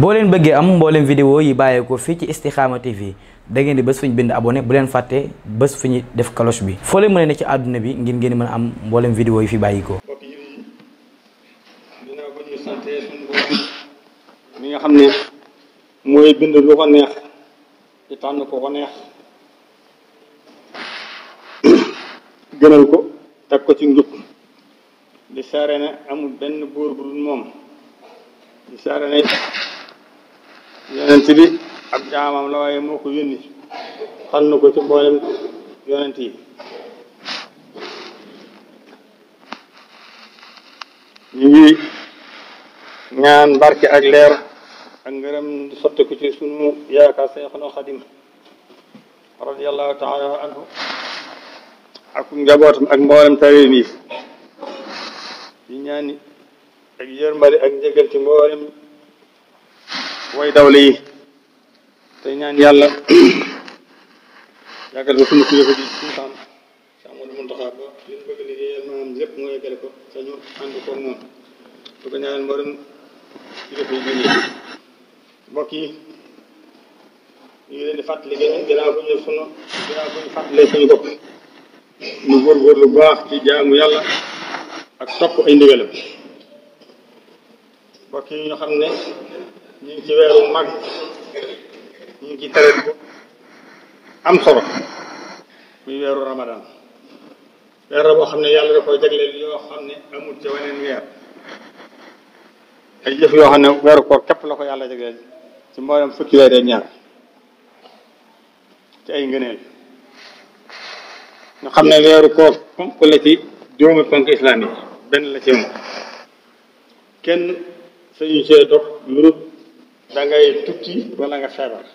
boo leen bëggee am mbooleem vidéo yi bàyyeekoo fii ci Istikhama TV da ngeen di bés fu ñu bind abonné bu leen fàtte bés fu ñu def cloche bi foo leen mën a ne ci àdduna bi ngir ngeen mën a am mbooleem vidéo yi fi bàyyikoo mbokk mi nga xam ne mooy bind lu ko neex ci tànn ko ko neex gënal ko teg ko ci njub di saare ne amul benn buur bu dul moom di saare ne yonent bi ab jaamam la waaye moo ko yónni ci mboolem yonent yi ngi ñaan barke ak leer ak ngërëm sotti ko ci sunu yaakaar Seexul Xadim radiyallahu taala anhu ak njabootam ak mboolem taalibe yi ñaani ak yërmale ak njëgal ci mboolem way dawle yi tey ñaan yàlla yàggal ba sunu kilifa ji suñu xam Sëriñ Muntaxa ba du ko ñaanal mboolem kilifa yi julli mbokk yi ñu ngi di fàttali gën gannaaw bu ñu sunu gannaaw bu ñu fàttalee suñu bopp ñu góorgóorlu bu baax ci jaamu yàlla ak topp ay ndigalam ñu xam ne ñu ngi ci weeru mag ñu ci taret bu am solo muy weeru ramadan weer la boo xam ne yàlla da koo jagleel yoo xam ne amul ci weneen weer ay jëf yoo xam ne weeru koor képp la ko yàlla jagleel ci mboolem fukki weer ak ñaar ci ay ngëneel ñu xam ne weeru koor ponk la ci juróomi ponk islam benn la ci moom kenn sañu see dog lu da ngay tukki wala nga feebar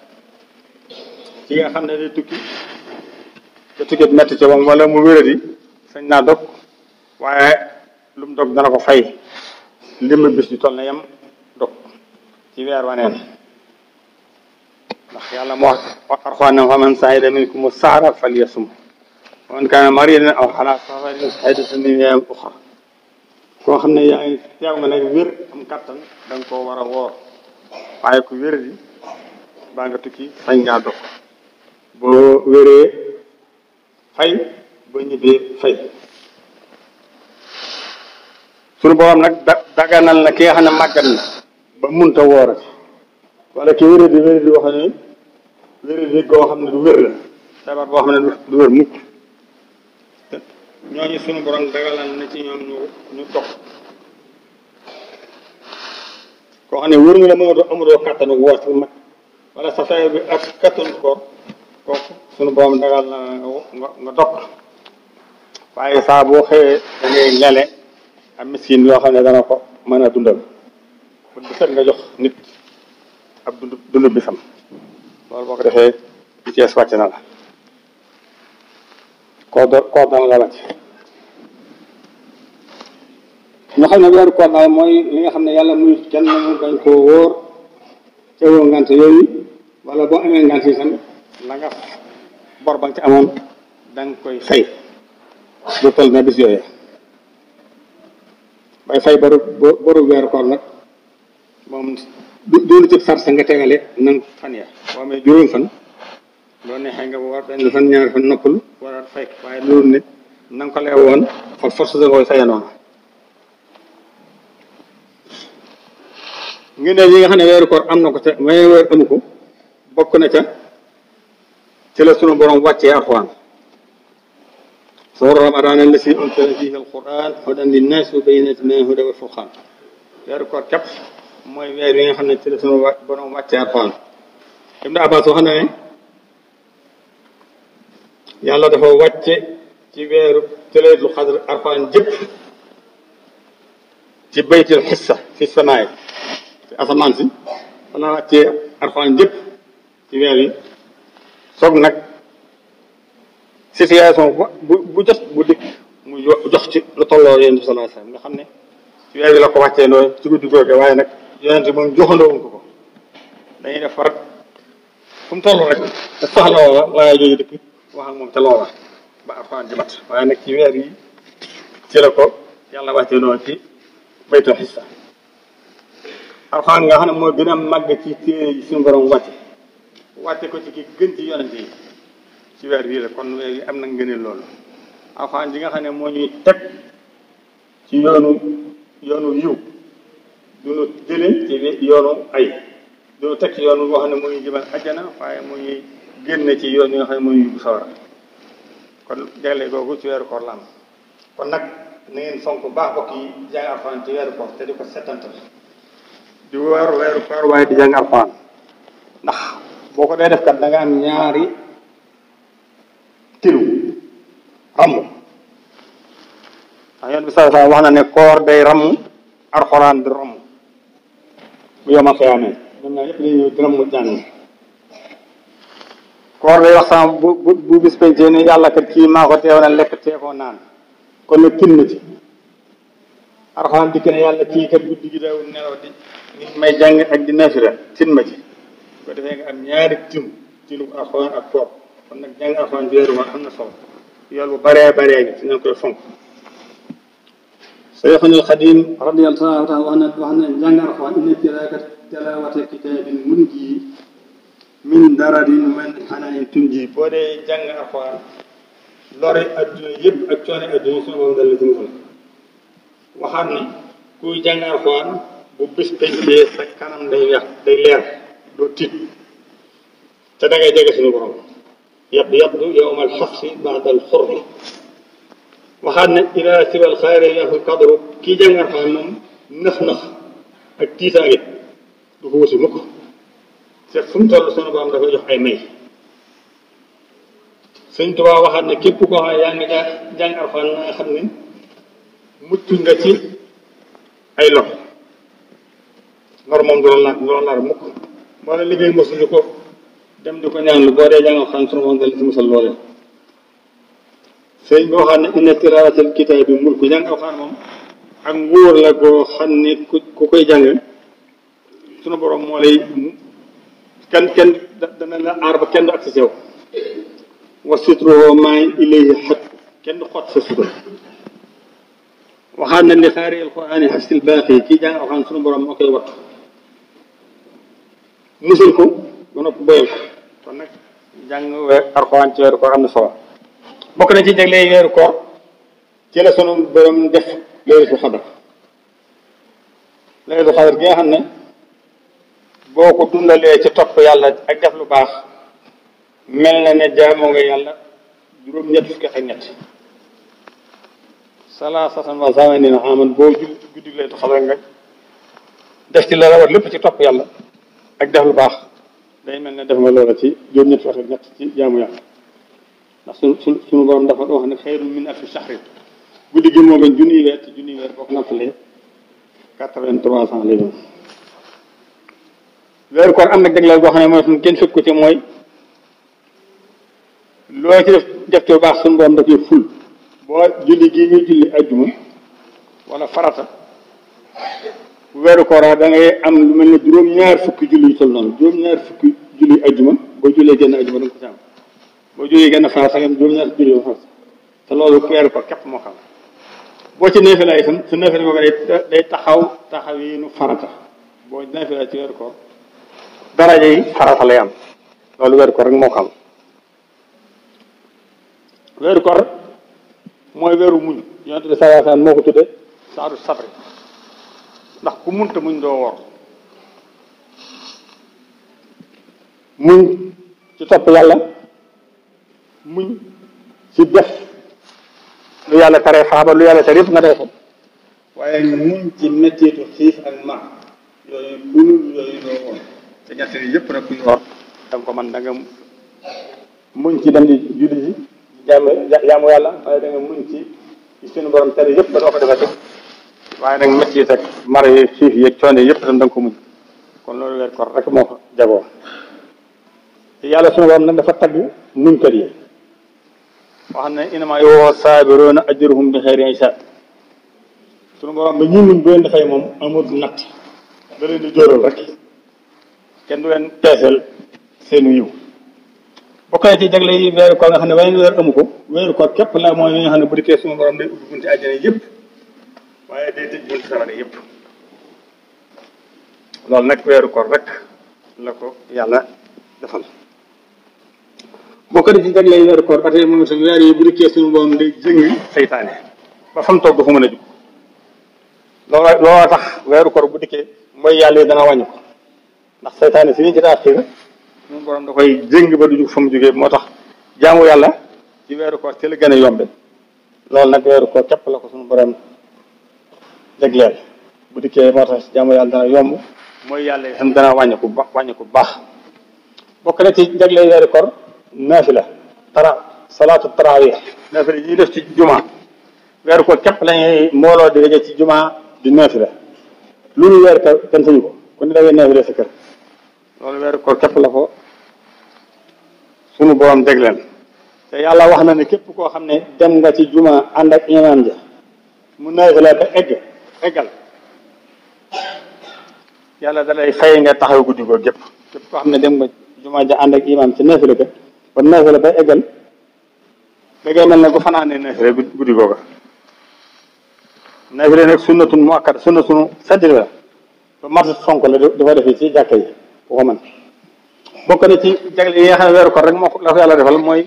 ki nga xam ne day tukki te tukki metti ci moom wala mu wéradi sañ naa dog waaye lu mu dog dana ko fay lim bis di toll na yem dog ci weer waneen ndax yàlla moo wax Alxuraan ne faman shahida minkumu shahra falyasum wa man kaana mariidan aw alaa safarin fa iddatun min ayyaamin ukhra koo xam ne yaa ngi nga nag wér am kattan da koo war a woor waaye ku wér di baa nga tukki sañ ngaa dox boo wéree fay boo ñibbee fay suñu borom nag da na ki xam ne màggat na ba munta woorati wala ki wéré di wéré di ne goo xam ne du wér la sabar boo xam ne du wér mukk ñooñu suñu borom daganal na ci ñoom ñu ñu dox koo ne wóor nga ne mënatoo amatoo kattanu woor si wala sa bi ak kattanu koor kooku suñu borom dagal na nga nga waaye saa boo xëyee da am miskin yoo xam ne dana ko mën a dundal nga jox nit ab dund dund bisam loolu boo ko defee ci wàcc na la ko do koo dana la wàcc xam ne weeru koor daal mooy li nga xam ne yàlla muy kenn mu bañ koo wóor te ngante yooyu wala boo amee ngante yi tam la ci amoon da koy fay lu toll na bis yooyu bay fay boru boru weeru koor nag moom duulu ci farsa nga tegale nang fan ya boo amee juróom fan loo neexee nga war benn fan ñaari fan noppalu war waaye loolu ne na ko lee woon fa force da koy fayee noonu ngëneel yi nga xam ne weeru koor am na ko ca mais weer amu ko bokk na ca ci la sunu borom wàccee alxuraan sooru ramadaan allasi unzila fiihi alxuraan hudan linnaasi wa bayyinaatin minal hudaa wal furqaan weeru koor képp mooy weer yi nga xam ne ci la sunu borom wàccee alxuraan Ibn Abbas wax na ne yàlla dafa wàcce ci weeru ci laylatul qadr alxuraan jëpp ci baytil xissa fi samaay te asamaan si mën naa wàccee jëpp ci weer soog nag situation bu bu jot bu dikk mu jox ci lu tolloo yonent bi sallallahu alayhi wasallam xam ne ci weer la ko wàccee noonu ci guddi googu waaye nag yonent moom joxandoowuñ ko ko dañuy def farat fu mu toll rek te soxla woo la waaye jooju dikk wax moom ca loola ba alxuraan ji waaye nag ci weer yi ci la ko yàlla wàccee noonu ci baytu xissa alxuraan nga xam ne mooy gën a màgg ci ci yi suñu borom wàcce wàcce ko ci ki gën ci yonente yi ci weer bii la kon léegi am na ngëneel loolu alxuraan ji nga xam ne moo ñuy teg ci yoonu yoonu yiw duñu jëlee ci yoonu ay duñu teg ci yoonu boo xam ne moo ñuy jëmal ajjana waaye moo ñuy génn ci yoon yi nga xam ne moo ñuy yóbbu sawara kon jagle googu ci weeru koor la am kon nag na ngeen fonk baax bokk yi jàng ci weeru koor te di ko settantal di weer waaye di jàng ndax boo ko dee def kat da nga am ñaari tilu ramm ndax yoon bi saa wax na ne koor day ramm alxuraan di ramm bu yomal xiyaamee ñoom koor day wax sama bu bu bu bis pencee ne yàlla kat kii maa ko teew na lekk teekoo naan kon nag kin na ci alxuraan dikk ne yàlla kii kat guddi gi dawul nelaw di may jàng ak di nafila tin ma ci bu ko defee nga am ñaari tim ci lu alxuraan ak toog nag jàng alxuraan bi weeru am na solo yool bu baree baree gi ci nañ koy inna tilawata tilawata kitaabin munjii min dararin wa min hanaanin tunjii boo dee jàng alxuraan lore adduna yëpp ak coone adduna suñu borom dal la ci waxaat na kuy jàng bu bis penc bee sa kanam day leer doo tiit te da ngay jege suñu borom yab yabdu yowmal xafsi baadal xurbi waxaat ne ila sibal xayre yaful kadru kii jàngar xam moom ak tiitaange du ko wasi mukk te fu mu toll suñu borom da koy jox ay may sëñ Tuubaa waxaat ne képp koo xam yaa ngi jàng jàng Alxuraan na xam ne mucc nga ci ay lox ngor moom du la laaj du la laaj mukk liggéey mosuñu dem di ko ñaan lu boo dee jàngal sunu moom dana ci musal loole sëñ boo xam ne inna tilaawatal kitaab bi mul ku jàng alxuraan moom a nguur la boo xam ne ku koy jàng sunu borom moo kenn kenn dana la aar ba kenn du ak sew wa sutruhu maa ilayhi xat kenn du xot sa sutura waxaat na li xaari alxuraani xasil baaqi kii jàng alxuraan sunu borom moo koy musal ko ba noppi boyal ko kon nag jàng alxuraan ci weeru koor am na solo bokk na ci jagleel weeru koor ci la sunu borom def laylatul xadar laylatul xadar gi nga xam ne boo ko dundalee ci topp yàlla ak def lu baax mel na ne jaamoo nga yàlla juróom-ñett fukki ak ñett salaa sasan wa sama nina xaman boo jul guddi laylatul xadar nga def ci la la war lépp ci topp yàlla ak def lu baax day mel na def nga loola ci juróom-ñett fukk ak ñett ci jaamu yàlla ndax suñu suñu suñu borom dafa wax ne xayru min alfi shahrin guddi gi moo gën junniy weer te junniy weer boo ko am nag jagleel boo xam ne mooy suñu kenn fekk ko ci mooy loo ci def def ci baax suñu borom dafay ful boo julli gii ñuy julli ajjuma wala farata weeru koor da ngay am lu mel ne juróom-ñaar fukki julli yu toll noonu juróom-ñaar fukki julli ajuma boo jullee genn ajuma da nga ko ci am boo jullee genn fajar sax am juróom-ñaar julli yoo te loolu weeru képp moo xam boo ci neefelaay su neefere boobu day day taxaw taxaw yi nu farata boo neefelaay ci weeru koor daraja yi farata lay am loolu weeru koor rek moo xam weeru mooy weeru muñ yonent bi sallallahu alayhi wa sallam ndax ku munta muñ doo wor muñ ci topp yàlla muñ ci def lu yàlla tere xaaba lu yàlla tere yëpp nga def waaye muñ ci mettitu xiif ak mar yi yëpp nag kuy man da nga muñ ci dem di julli ji jaamu yàlla waaye da nga muñ ci suñu borom tere yëpp ba doo ko defati waaye nag métti yi teg mar yi xiif yeeg coono yëpp itam ko muñ kon loolu weer ko rek moo ko jagoo yàlla sunu borom nag dafa tagg muñkat yi wax ne inama yoo saabiroona ajruhum bi xeyri hisaab sunu borom ba ñuy muñ bu leen di fay moom amul natt da leen di jóoral rek kenn du leen teesal seenu yiw bokk a ci jagle yi weeru koor nga xam ne waaye weeru amu ko weeru koor képp la mooy li xam ne bu dikkee sunu borom day ubbi bunti àjjana yëpp waaye day tëj bunt sawara yëpp loolu nag weeru koor rek la ko yàlla defal bokk na ci jagleel weeru koor ba tey moom suñu weer yi bu dikkee suñu boom day seytaane ba fam toog fa mën a jug looloo tax weeru koor bu dikkee mooy yàlla yi dana wàññi ko ndax seytaane si ñu ci daa xiir suñu borom da koy jëng ba du jug fa mu moo tax jaamu yàlla ci weeru koor ci la gën a yombe loolu nag weeru koor képp la ko suñu borom jagleel bu dikkee moo tax jaamu yàlla dana yomb mooy yàlla yi xam dana wàññeeku ba wàññeeku bu baax bokke na ci jagleel weeri kor naafila tara salaatu tarawih naafila ñuy def ci juma weeru ko mbooloo di daje ci jumaa di naafila lu ñu weer kor kenn ko ku ne loolu weeru koor képp la ko sunu borom jagleel te yàlla wax na ne képp koo xam ne dem nga ci juma ànd ak imaam ja mu naafila ba egg eggal yàlla dalay fay nga taxaw guddi googu gépp képp koo xam ne dem nga jumaa a ànd ak imaam ci naafila ba ba naafila ba eggal da ngay mel ne ku fanaanee naafila guddi googa naafila nag sunnatun muakkad sunnatun saddir la ba marché sonk la dafa defee ci jàkka yi bu ko mën bokk na ci jagle yi nga xam ne weeru ko rek moo ko yàlla defal mooy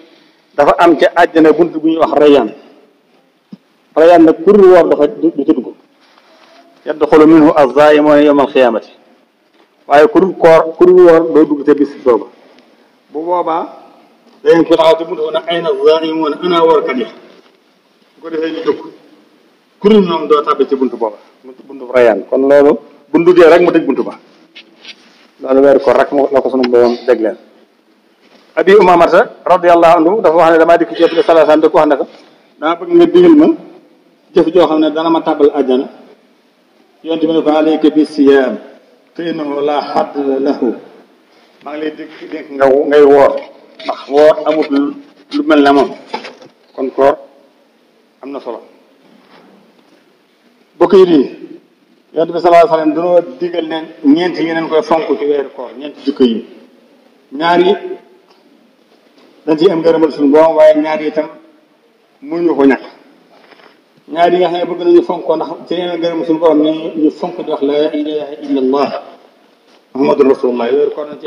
dafa am ca àjjana bunt bu ñuy wax rayaan rayaan nag kur woor dafa du tudd yadxulu minhu az-zaa'imuna yawma al-qiyaamati waaye ku koor ku woor doo dugg te bis booba bu boobaa dañ ko taxaw te mu doon ko defee ñu dugg ku dul ñoom doo tàbbi ci buntu booba buntu rayaan kon loolu buntu dee rek mu tëj bunt ba loolu weeru koor rek la ko sunu borom dégleel abi umamata radiyallahu dafa wax ne damaa dikk ci yëpp sallallahu alayhi da wax ne ko dama bëgg nga digal ma jëf joo xam ne dana ma tàbbal àjjana yonent bi ne ko alayka bi siyaam fa innahu laa xadd lahu maa ngi lay dégg dégg nga ngay woor ndax amut lu mel ne moom kon koor am na solo bokk yi nii yonent bi sallallahu alayhi wa sallam danoo ne ñeent yi koy fonk ci weeru koor ñeent jikko yi ñaari yi dañ ciy am ngërëmal suñu borom waaye ñaar itam mënuñu ko ñàkk ñaar yi nga xam ne bëgg nañu fonk ndax ci di wax laa ilaha illa allah muhammadu rasulullah yooyu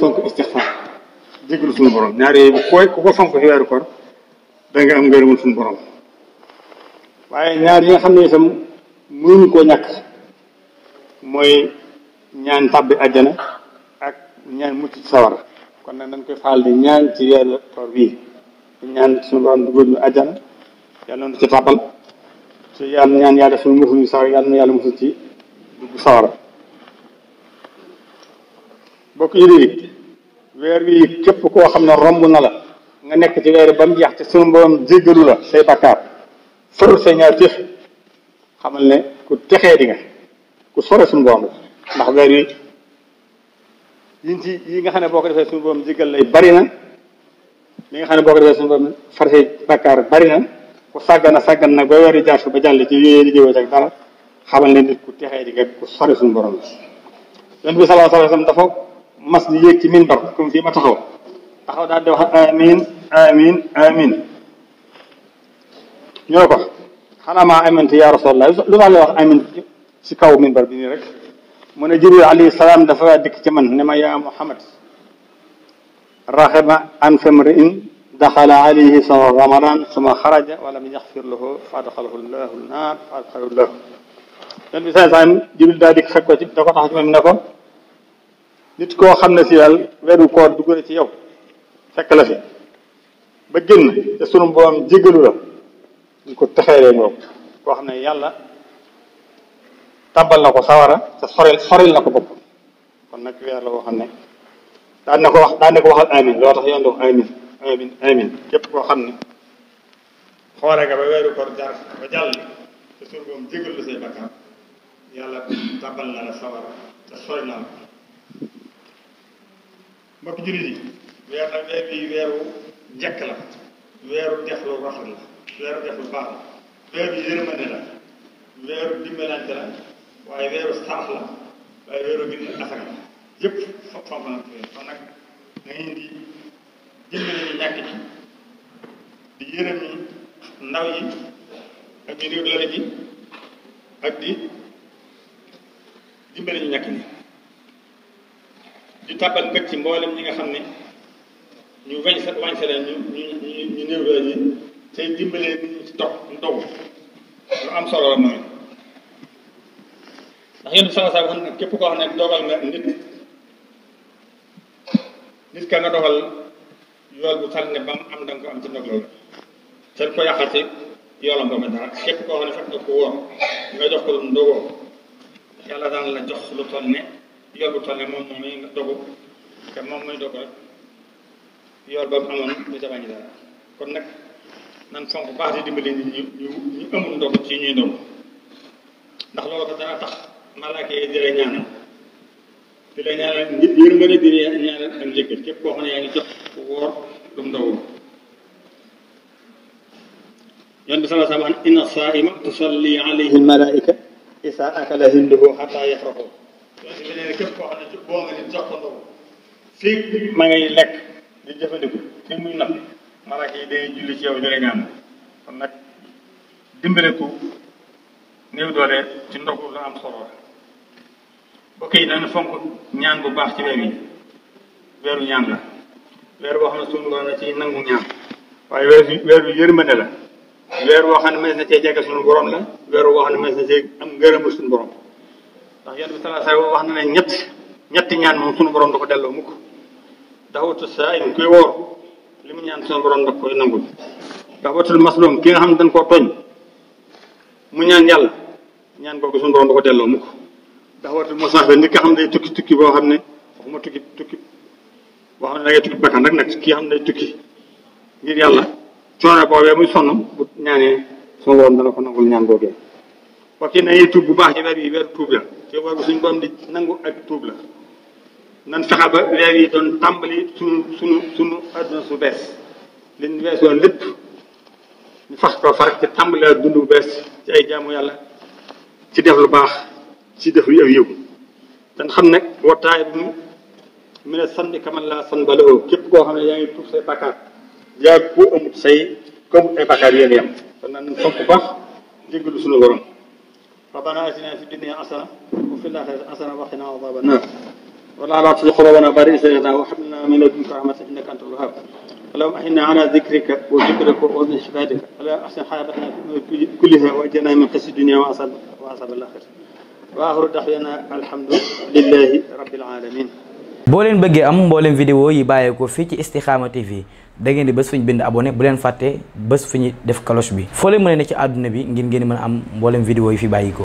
kon suñu borom ñaar yooyu bu koy ku ko fonk ci weeru koor da nga am ngërëmul suñu borom waaye ñaar yi nga xam koo ñàkk mooy ñaan tàbbi àjjana ak ñaan mucc ci kon nag dañ koy faral di ñaan ci weeru koor bii ñaan suñu borom dugal ñu àjjana yàlla na ci yàlla ñaan yàlla ci dugg sawara bokk yi weer wi képp koo xam ne romb na la nga nekk ci weer ba mu jeex te suñu borom jéggalu la say bakkaar fër say ñaar téef xamal ne ku texee di ku sore suñu borom ndax weer wi ci yi nga xam ne boo ko defee suñu borom jéggal lay bari na li nga xam ne boo ko defee suñu borom bari na ku sàggan a sàggan nag boo wari jaar fi ba jàll ci yooyee di jëwee ak dara xamal ne nit ku texee di nga ku sori suñu borom la yonent bi sallallahu alayhi wasallam di yéeg ci minbar comme fii ma taxaw taxaw daal di wax amin amin amin ñoo ko xanaa maa ya rasulullah lu ma la wax amin ci kaw minbar bi nii rek mu ne Jibril alayhi salaam dafa dikk ci man ne ma yaa Muhammad raxiba an femriin daxala alayhi sama ramadan suma xaraja wala mu yaxfir lahu fa adxalahu llahu naar fa adxalahu lahu yon bi saay saam jibril daa dikk fekk ko ci da ko tax ci moom ne ko nit koo xam ne si daal weeru koor dugg na ci yow fekk la fi ba génn te sunu borom jégalu la ñu ko texeeree ngoog koo xam ne yàlla tàbbal na ko sawara te soril soril na ko bopp kon nag weer la woo xam ne daan na ko wax daan na ko waxal amin loo tax yoon def amin amin amin képp koo xam ne xoole nga ba weeru koor jaar ba jàll te suur boom jégal la say bakkaar yàlla tàbbal na la sawara te sori na la mbokk jullit yi weer nag weer bii weeru jekk la weeru def lu rafet la weeru def lu baax la weeru yërmande la weeru dimbalante la waaye weeru sarax la waaye weeru bind asaka la yëpp fo fonk na kon nag da di dimbale ñu ñàkk ji di yërëm ndaw yi ak di néew doole ji di dimbale ñu ci mboolem ñi nga xam ni ñu wañ sa wañ sa leen ñu ñu ñu néew doole ñi tey dimbalee ñu ci dox ndox lu am solo la mooy ndax yéen du képp koo xam ne dogal nga nit nit ka nga doxal yool bu xam ne ba mu am da nga ko am ci ndog loolu te ko yàqal ci yoolam ba mu dara képp koo xam ne fekk nga jox ko lu mu dogoo yàlla daan la jox lu toll ne yool bu toll ne moom moom nga dogu te moom muy dogu rek yool ba mu amoon du ca wàññi dara kon nag nan fonk baax di dimbali nit ñu ñu ñu amul ndog ci ñuy ndog ndax loolu ko dana tax malaaka yi di la ñaanal di la ñaanal ngir yërmande di la ñaanal ak njëkkal képp koo xam ne yaa ngi jox woor lu mu dawul yoon bi sama sama an inna saa'ima tusalli alayhi almalaika isa akala hinduhu xata yafraxu yoon bi nee képp koo xam ne boo nga nit jox ko ndaw fii ma ngay lekk di jëfandiku fii muy napp malaaka yi day julli ci yow di la ñaan kon nag dimbale ko néew doole ci ndogu lu am solo mbokk yi nañu fonk ñaan bu baax ci weer yi weeru ñaan la weer boo ne suñu borom na ci nangu ñaan waaye weer weer bi yërmande la weer woo ne mees na cee jege suñu borom la weer woo ne mees na cee am ngërëmu suñu borom ndax yonent bi sallallahu alayhi wasallam wax na ñett ñetti ñaan moom suñu borom da ko delloo mukk daxawatu saa'im kuy woor li mu ñaan suñu borom da koy nangul daxawatul maslum ki nga xam ne dañ koo tooñ mu ñaan yàlla ñaan googu suñu borom da ko delloo mukk daxawatul musaafir nit nga xam ne tukki tukki boo xam ne waxuma tukki tukki boo xam ne da ngay tukki bakkan rek nag kii xam ne tukki ngir yàlla coono boobee muy sonn bu ñaanee suma borom dana ko nangul ñaan boobee wax ci bu baax ci yi weer tuub la di nangu ak tuub la nan fexe ba weer yi doon tàmbali sunu sunu sunu àdduna su bees liñ wees woon lépp ñu fas ko far ci tàmbali dund bu bees ci ay jaamu yàlla ci def lu baax ci def wi aw yëw dañ xam nag wattaay bi mu ne sanni kaman laa san baloo képp koo xam ne yaa ngi tuub say bakkaar yaa ko amut say ko amut ay bakkaar yéen yam kon naan fonk baax jéggalu suñu borom rabbana atina fi dunya hasana wa fil akhirati hasana wa qina adhaban nar ولا لا تزغ قلوبنا a إذ هديتنا وهب لنا من لدنك رحمة إنك أنت الوهاب اللهم أعنا على ذكرك وشكرك وحسن عبادتك اللهم أحسن حياتنا كلها waaxiru da'waana alhamdulillahi rabbil alamin boo leen bëggee am mbooleem video yi bàyyeekoo fii ci Istikhama fii da ngeen di bës fu ñu bind abone bu leen fàttee bés fu ñu def cloche bi foo leen mën ne ci àdduna bi ngir ngeen mën am mbooleem vidéo yi fi bàyyikoo